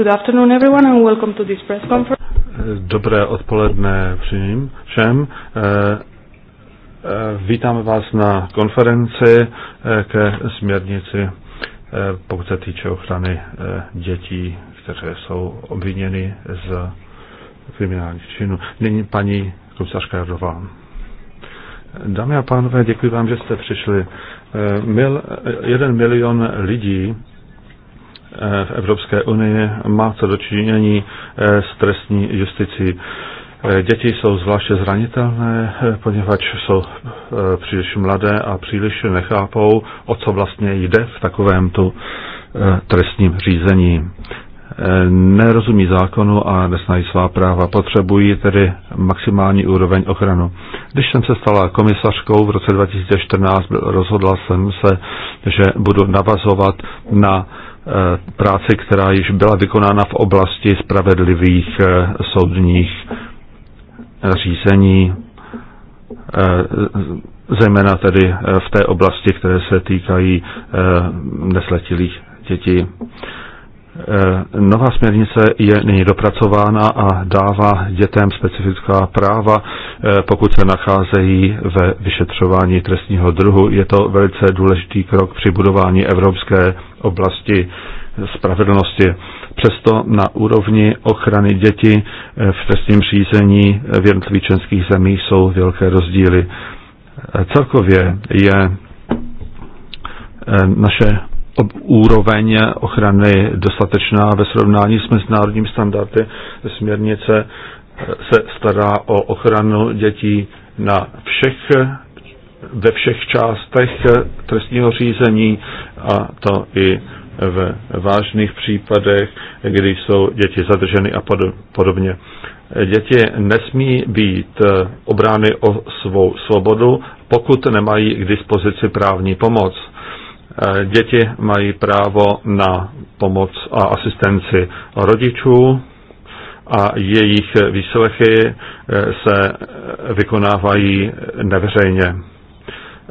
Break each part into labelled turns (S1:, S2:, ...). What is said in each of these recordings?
S1: Good afternoon everyone and welcome to this press
S2: conference. Dobré odpoledne všem. všem. Eh, eh, Vítám vás na konferenci eh, ke směrnici, pokud se týče ochrany dětí, které jsou obviněny z kriminálních činů. Nyní paní komisařka Jardová. Dámy a pánové, děkuji vám, že jste přišli. Mil, jeden milion lidí Eh, v Evropské unii má co dočinění eh, s trestní justicí. Eh, děti jsou zvláště zranitelné, poněvadž jsou příliš mladé a příliš nechápou, o co vlastně jde v takovém tu trestním řízení. Nerozumí zákonu a nesnají svá práva. Potřebují tedy maximální úroveň ochranu. Když jsem se stala komisařkou v roce 2014, rozhodla jsem se, že budu navazovat na Eh, práce, která již byla vykonána v oblasti spravedlivých eh, soudních eh, řízení, zejména tedy v té oblasti, které se týkají nesletilých dětí. Nová směrnice je nyní dopracována a dává dětem specifická práva, pokud se nacházejí ve vyšetřování trestního druhu. Je to velice důležitý krok při budování evropské oblasti spravedlnosti. Přesto na úrovni ochrany dětí eh, v trestním řízení v jednotlivých členských zemích jsou velké rozdíly. Eh, celkově je eh, naše úroveň ochrany dostatečná ve srovnání s mezinárodním standardy směrnice se stará o ochranu dětí na všech ve všech částech eh, trestního řízení a to i v vážných případech, kdy jsou děti zadrženy a podobně. Děti nesmí být eh, obrány o svou svobodu, pokud nemají k dispozici právní pomoc. Eh, děti mají právo na pomoc a asistenci rodičů a jejich výslechy se vykonávají neveřejně.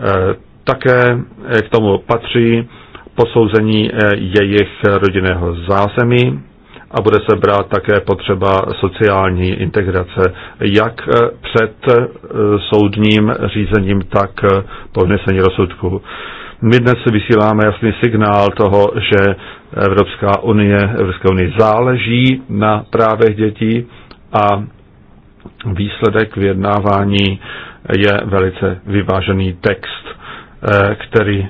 S2: Eh, také eh, k tomu patří posouzení eh, jejich rodinného zázemí a bude se brát také potřeba sociální integrace, jak před soudním řízením, tak po vnesení rozsudku. My dnes vysíláme jasný signál toho, že Evropská unie, Evropská unie záleží na právech dětí a výsledek vyjednávání je velice vyvážený text, eh, který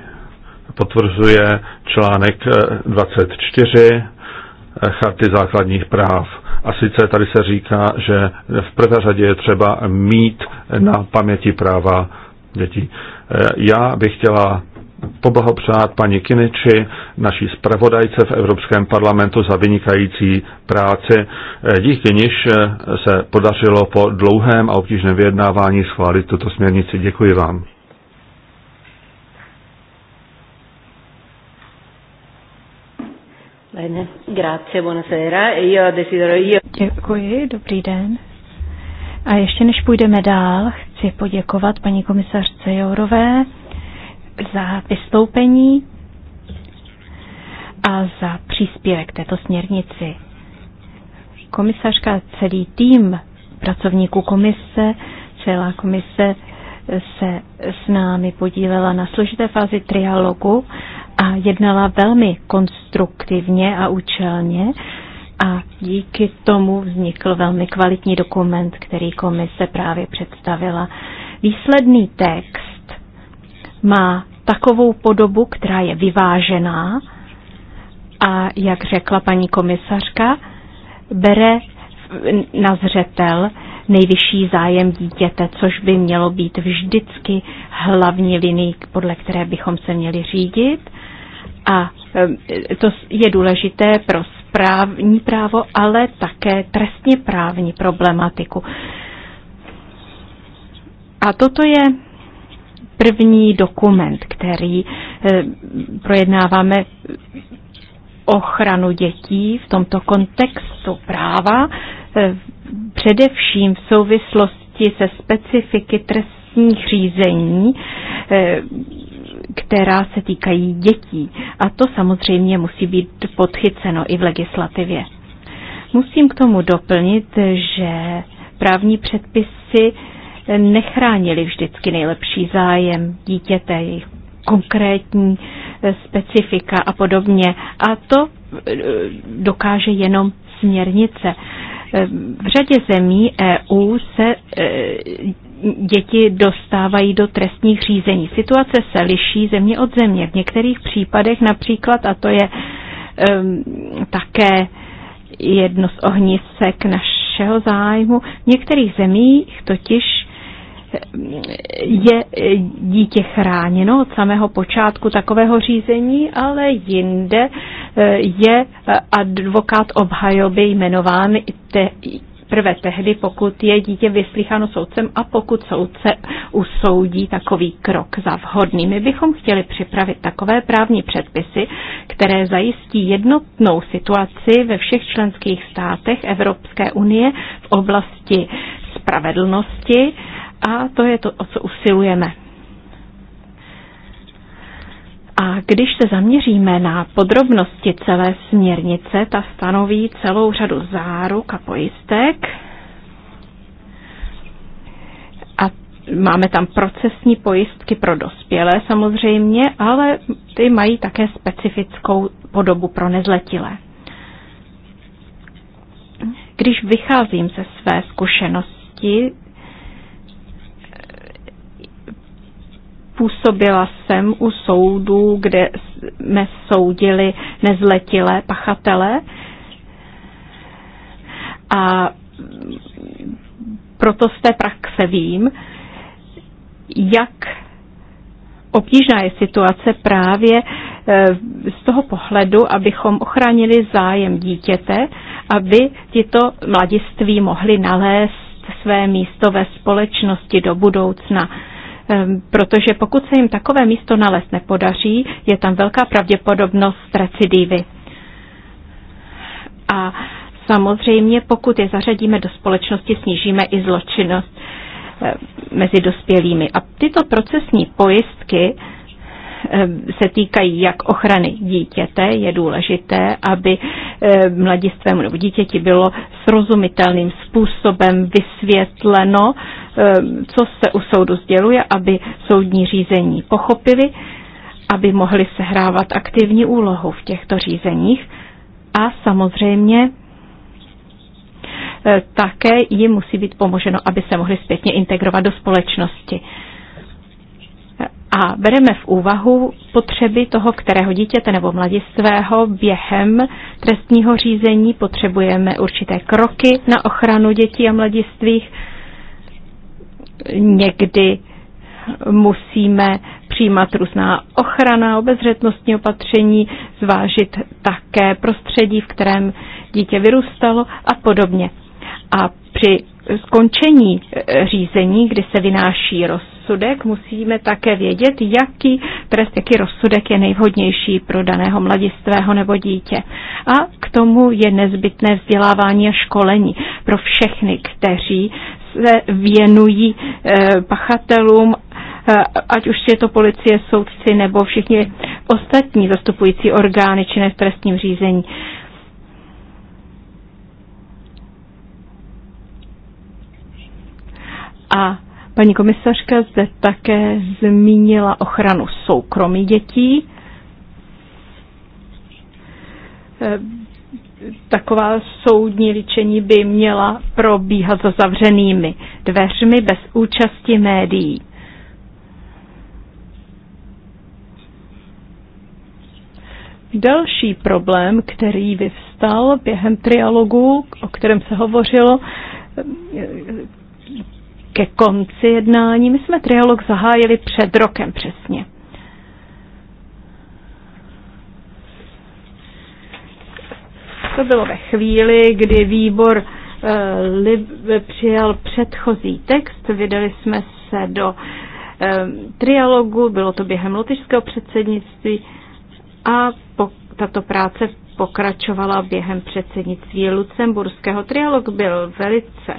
S2: potvrzuje článek 24 eh, eh, Charty základních práv. A sice tady se říká, že v prvé řadě je třeba mít na paměti práva dětí. Já bych chtěla poblahopřát paní Kiniči, naší zpravodajce v Evropském parlamentu za vynikající práci. Díky niž se podařilo po dlouhém a obtížném vyjednávání schválit tuto směrnici. Děkuji vám.
S3: Děkuji, dobrý den. A ještě než půjdeme dál, chci poděkovat paní komisařce Jourové za vystoupení a za příspěvek této směrnici. Komisařka, celý tým pracovníků komise, celá komise se s námi podílela na složité fázi trialogu a jednala velmi konstruktivně a účelně a díky tomu vznikl velmi kvalitní dokument, který komise právě představila. Výsledný text má takovou podobu, která je vyvážená a, jak řekla paní komisařka, bere na zřetel nejvyšší zájem dítěte, což by mělo být vždycky hlavní linií, podle které bychom se měli řídit. A e, to je důležité pro správní právo, ale také trestně právní problematiku. A toto je první dokument, který eh, projednáváme ochranu dětí v tomto kontextu práva, eh, především v souvislosti se specifiky trestních řízení, eh, která se týkají dětí. A to samozřejmě musí být podchyceno i v legislativě. Musím k tomu doplnit, že právní předpisy nechránili vždycky nejlepší zájem dítěte, jejich konkrétní e, specifika a podobně. A to e, dokáže jenom směrnice. E, v řadě zemí EU se děti dostávají do trestních řízení. Situace se liší země od země. V některých případech například, a to je také jedno z ohnisek našeho zájmu, v některých zemích totiž je dítě chráněno od samého počátku takového řízení, ale jinde eh, je eh, advokát obhajoby jmenován te, prve tehdy, pokud je dítě vyslycháno soudcem a pokud soudce usoudí takový krok za vhodný. My bychom chtěli připravit takové právní předpisy, které zajistí jednotnou situaci ve všech členských státech Evropské unie v oblasti spravedlnosti a to je to, o co usilujeme. A když se zaměříme na podrobnosti celé směrnice, ta stanoví celou řadu záruk a pojistek. A máme tam procesní pojistky pro dospělé samozřejmě, ale ty mají také specifickou podobu pro nezletilé. Když vycházím ze své zkušenosti Působila jsem u soudů, kde jsme soudili nezletilé pachatele a proto z té praxe vím, jak obtížná je situace právě eh, z toho pohledu, abychom ochránili zájem dítěte, aby tyto mladiství mohli nalézt své místo ve společnosti do budoucna. Ehm, protože pokud se jim takové místo nalézt nepodaří, je tam velká pravděpodobnost recidivy. A samozřejmě, pokud je zařadíme do společnosti, snížíme i zločinnost ehm, mezi dospělými. A tyto procesní pojistky Eh, se týkají jak ochrany dítěte, je důležité, aby eh, mladistvému nebo dítěti bylo srozumitelným způsobem vysvětleno, eh, co se u soudu sděluje, aby soudní řízení pochopili, aby mohli sehrávat aktivní úlohu v těchto řízeních a samozřejmě také jim musí být pomoženo, aby se mohli zpětně integrovat do společnosti a bereme v úvahu potřeby toho, kterého dítěte nebo mladistvého během trestního řízení. Potřebujeme určité kroky na ochranu dětí a mladistvých. Někdy musíme přijímat různá ochrana, obezřetnostní opatření, zvážit také prostředí, v kterém dítě vyrůstalo a podobně. A při skončení eh, řízení, kdy se vynáší rozsudek, rozsudek, musíme také vědět, jaký trest, jaký rozsudek je nejvhodnější pro daného mladistvého nebo dítě. A k tomu je nezbytné vzdělávání a školení pro všechny, kteří se věnují eh, pachatelům eh, ať už je to policie, soudci nebo všichni ostatní zastupující orgány činné v trestním řízení. A Paní komisařka zde také zmínila ochranu soukromí dětí. Eh, taková soudní líčení by měla probíhat za zavřenými dveřmi bez účasti médií. Další problém, který vyvstal během trialogu, o kterém se hovořilo, ke konci jednání. My jsme trialog zahájili před rokem přesně. To bylo ve chvíli, kdy výbor e, přijal předchozí text, vydali jsme se do e, trialogu, bylo to během lotyšského předsednictví a po, tato práce pokračovala během předsednictví Lucemburského. Trialog byl velice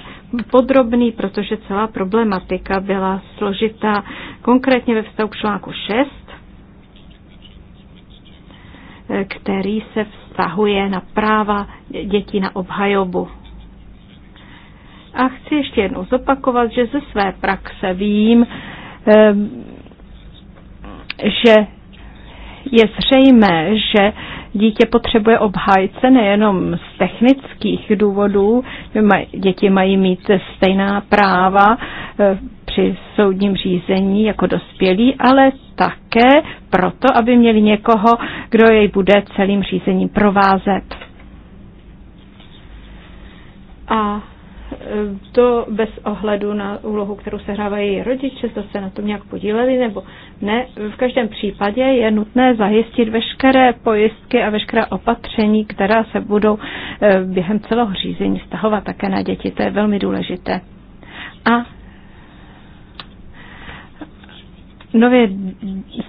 S3: podrobný, protože celá problematika byla složitá konkrétně ve vztahu k článku 6, který se vztahuje na práva dětí na obhajobu. A chci ještě jednou zopakovat, že ze své praxe vím, ehm, že je zřejmé, že dítě potřebuje obhájce nejenom z technických důvodů, děti mají mít stejná práva eh, při soudním řízení jako dospělí, ale také proto, aby měli někoho, kdo jej bude celým řízením provázet. A Eh, to bez ohledu na úlohu, kterou se hrávají rodiče, zda se na tom nějak podíleli nebo ne. V každém případě je nutné zajistit veškeré pojistky a veškerá opatření, která se budou eh, během celého řízení stahovat také na děti. To je velmi důležité. A Nově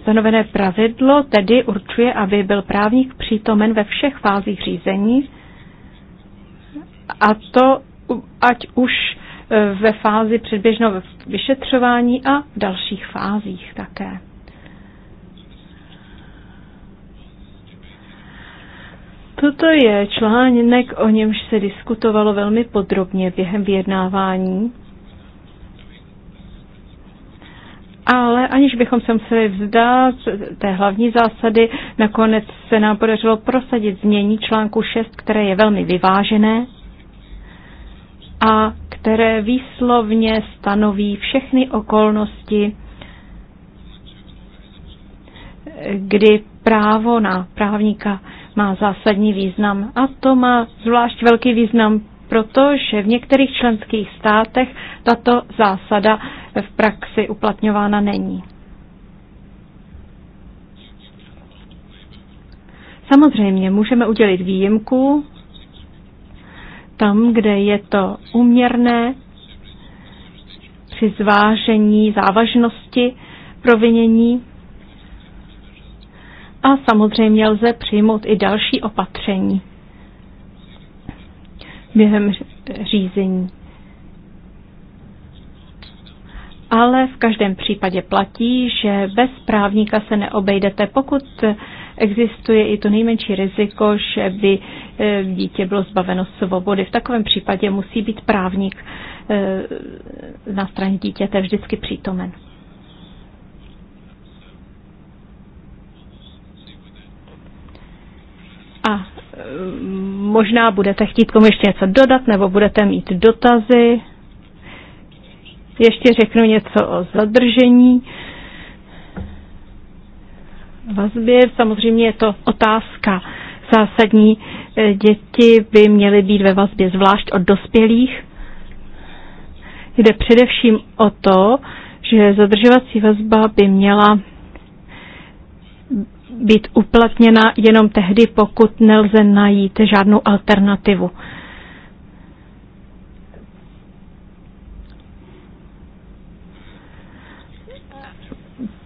S3: stanovené pravidlo tedy určuje, aby byl právník přítomen ve všech fázích řízení, a to ať už e, ve fázi předběžného vyšetřování a v dalších fázích také. Toto je článek, o němž se diskutovalo velmi podrobně během vyjednávání. Ale aniž bychom se museli vzdát té hlavní zásady, nakonec se nám podařilo prosadit změní článku 6, které je velmi vyvážené a které výslovně stanoví všechny okolnosti, kdy právo na právníka má zásadní význam. A to má zvlášť velký význam, protože v některých členských státech tato zásada v praxi uplatňována není. Samozřejmě můžeme udělit výjimku tam, kde je to uměrné při zvážení závažnosti provinění. A samozřejmě lze přijmout i další opatření během řízení. Ale v každém případě platí, že bez právníka se neobejdete, pokud existuje i to nejmenší riziko, že by Eh, dítě bylo zbaveno svobody. V takovém případě musí být právník eh, na straně dítěte vždycky přítomen. A eh, možná budete chtít komu ještě něco dodat, nebo budete mít dotazy. Ještě řeknu něco o zadržení vazbě. Samozřejmě je to otázka zásadní. Eh, děti by měly být ve vazbě zvlášť od dospělých. Jde především o to, že zadržovací vazba by měla být uplatněna jenom tehdy, pokud nelze najít žádnou alternativu.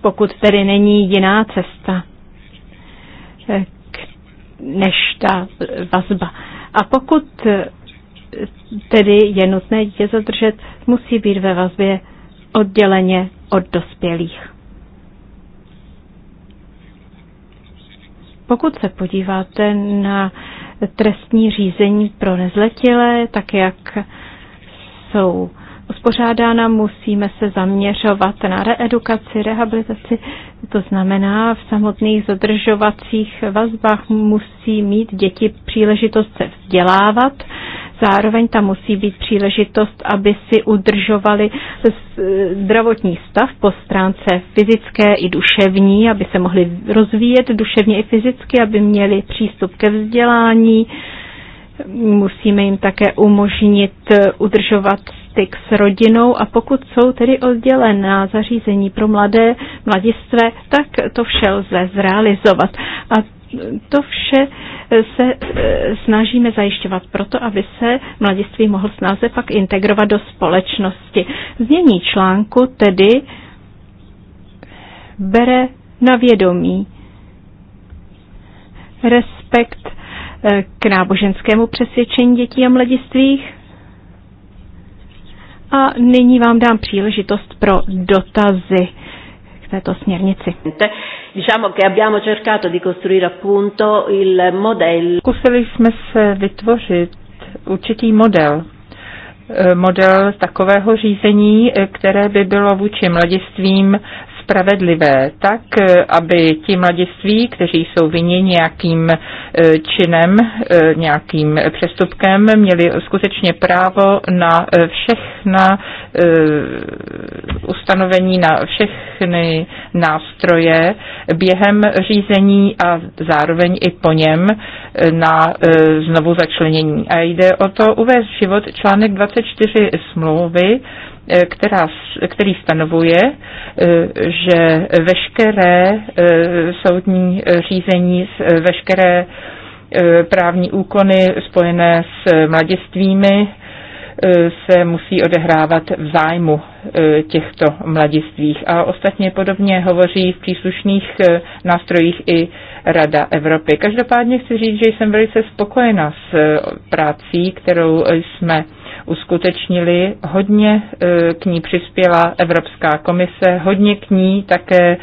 S3: Pokud tedy není jiná cesta. Eh, než ta vazba. A pokud eh, tedy je nutné dítě zadržet, musí být ve vazbě odděleně od dospělých. Pokud se podíváte na trestní řízení pro nezletilé, tak jak jsou uspořádána, musíme se zaměřovat na reedukaci, rehabilitaci, to znamená v samotných zadržovacích vazbách musí mít děti příležitost se vzdělávat, zároveň tam musí být příležitost, aby si udržovali zdravotní stav po stránce fyzické i duševní, aby se mohli rozvíjet duševně i fyzicky, aby měli přístup ke vzdělání, musíme jim také umožnit udržovat styk s rodinou a pokud jsou tedy oddělená zařízení pro mladé mladistvé, tak to vše lze zrealizovat. A to vše eh, se eh, snažíme zajišťovat proto, aby se mladiství mohl snáze pak integrovat do společnosti. Znění článku tedy bere na vědomí respekt eh, k náboženskému přesvědčení dětí a mladistvých, a nyní vám dám příležitost pro dotazy k této směrnici.
S1: Zkusili jsme se vytvořit určitý model, e, model takového řízení, e, které by bylo vůči mladistvím spravedlivé, tak, e, aby ti mladiství, kteří jsou vyně nějakým činem, nějakým přestupkem, měli skutečně právo na všech všechna e, ustanovení na všechny nástroje během řízení a zároveň i po něm e, na e, znovu začlenění. A jde o to uvést život článek 24 smlouvy, která, který stanovuje, že veškeré soudní řízení, veškeré právní úkony spojené s mladistvími E, se musí odehrávat v zájmu e, těchto mladistvých. A ostatně podobně hovoří v příslušných e, nástrojích i Rada Evropy. Každopádně chci říct, že jsem velice spokojena s prací, kterou jsme uskutečnili. Hodně k ní přispěla Evropská komise, hodně k ní také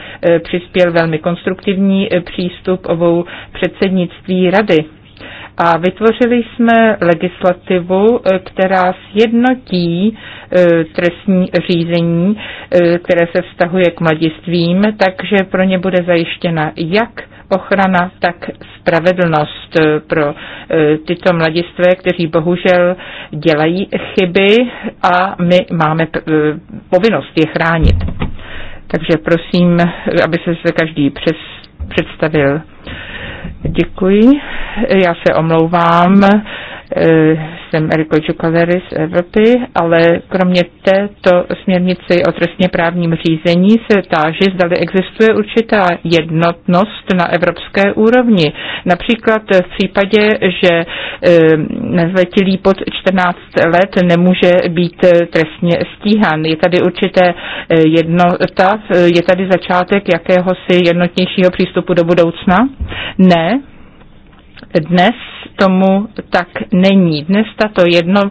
S1: přispěl velmi konstruktivní přístup obou předsednictví Rady a vytvořili jsme legislativu, eh, která sjednotí eh, trestní řízení, eh, které se vztahuje k mladistvím, takže pro ně bude zajištěna jak ochrana, tak spravedlnost pro tyto mladistvé, kteří bohužel dělají chyby a my máme povinnost je chránit. Takže prosím, aby se každý přes, představil. Děkuji. Já se omlouvám eh, jsem Eriko Kalery z Evropy, ale kromě této směrnice o trestně právním řízení se táži, zdali existuje určitá jednotnost na evropské úrovni. Například v případě, že eh, nezletilý pod 14 let nemůže být eh, trestně stíhan. Je tady určité eh, jednota, je tady začátek jakéhosi jednotnějšího přístupu do budoucna? Ne, dnes tomu tak není. Dnes tato jedno,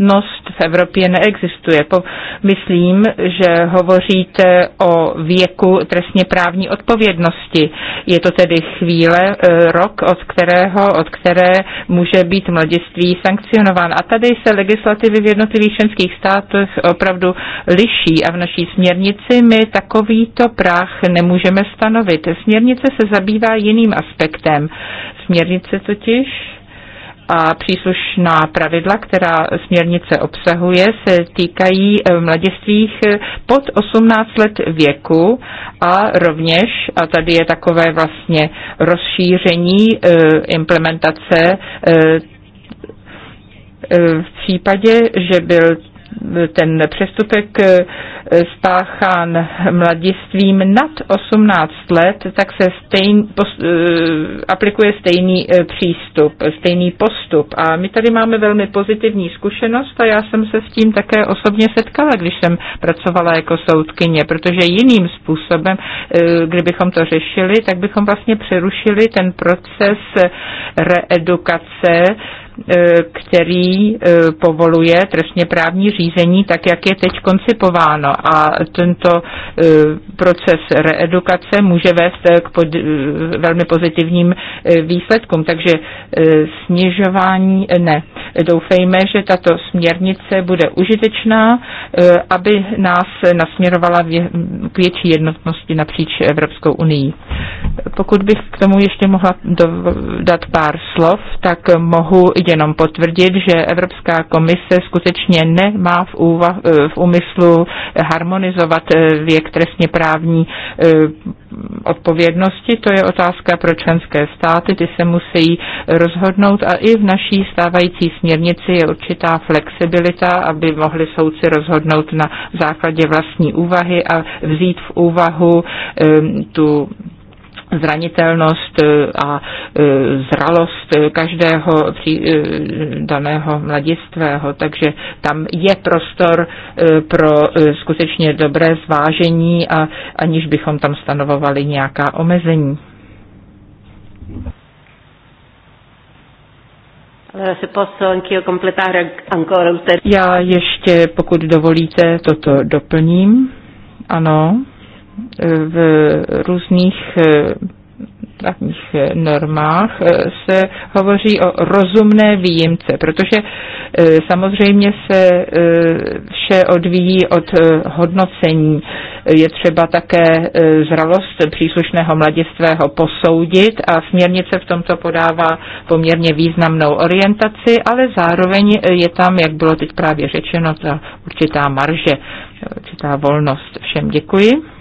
S1: jednotnost v Evropě neexistuje. Po, myslím, že hovoříte o věku trestně právní odpovědnosti. Je to tedy chvíle, e, rok, od kterého, od které může být mladiství sankcionován. A tady se legislativy v jednotlivých členských státech opravdu liší a v naší směrnici my takovýto práh nemůžeme stanovit. Směrnice se zabývá jiným aspektem. Směrnice totiž a příslušná pravidla, která směrnice obsahuje, se týkají eh, mladistvých eh, pod 18 let věku a rovněž, a tady je takové vlastně rozšíření eh, implementace v případě, že byl ten přestupek eh, spáchán mladistvím nad 18 let, tak se stejn, pos, eh, aplikuje stejný eh, přístup, stejný postup. A my tady máme velmi pozitivní zkušenost a já jsem se s tím také osobně setkala, když jsem pracovala jako soudkyně, protože jiným způsobem, kdybychom to řešili, tak bychom vlastně přerušili ten proces reedukace E, který e, povoluje trestně právní řízení, tak jak je teď koncipováno. A tento e, proces reedukace může vést k pod, velmi pozitivním výsledkům. Takže snižování ne. Doufejme, že tato směrnice bude užitečná, aby nás nasměrovala k větší jednotnosti napříč Evropskou unii. Pokud bych k tomu ještě mohla dodat pár slov, tak mohu jenom potvrdit, že Evropská komise skutečně nemá v, úva, eh, v úmyslu harmonizovat eh, věk trestně právní eh, odpovědnosti. To je otázka pro členské státy, ty se musí rozhodnout a i v naší stávající směrnici je určitá flexibilita, aby mohli soudci rozhodnout na základě vlastní úvahy a vzít v úvahu tu zranitelnost eh, a eh, zralost eh, každého daného mladistvého. Takže tam je prostor pro skutečně dobré zvážení, a, aniž bychom tam stanovovali nějaká omezení. Já ještě, pokud dovolíte, toto doplním. Ano v různých právních eh, eh, normách eh, se hovoří o rozumné výjimce, protože samozřejmě se vše odvíjí od hodnocení. Je třeba také zralost příslušného mladistvého posoudit a směrnice v tomto podává poměrně významnou orientaci, ale zároveň je tam, jak bylo teď právě řečeno, ta určitá marže, určitá volnost. Všem děkuji.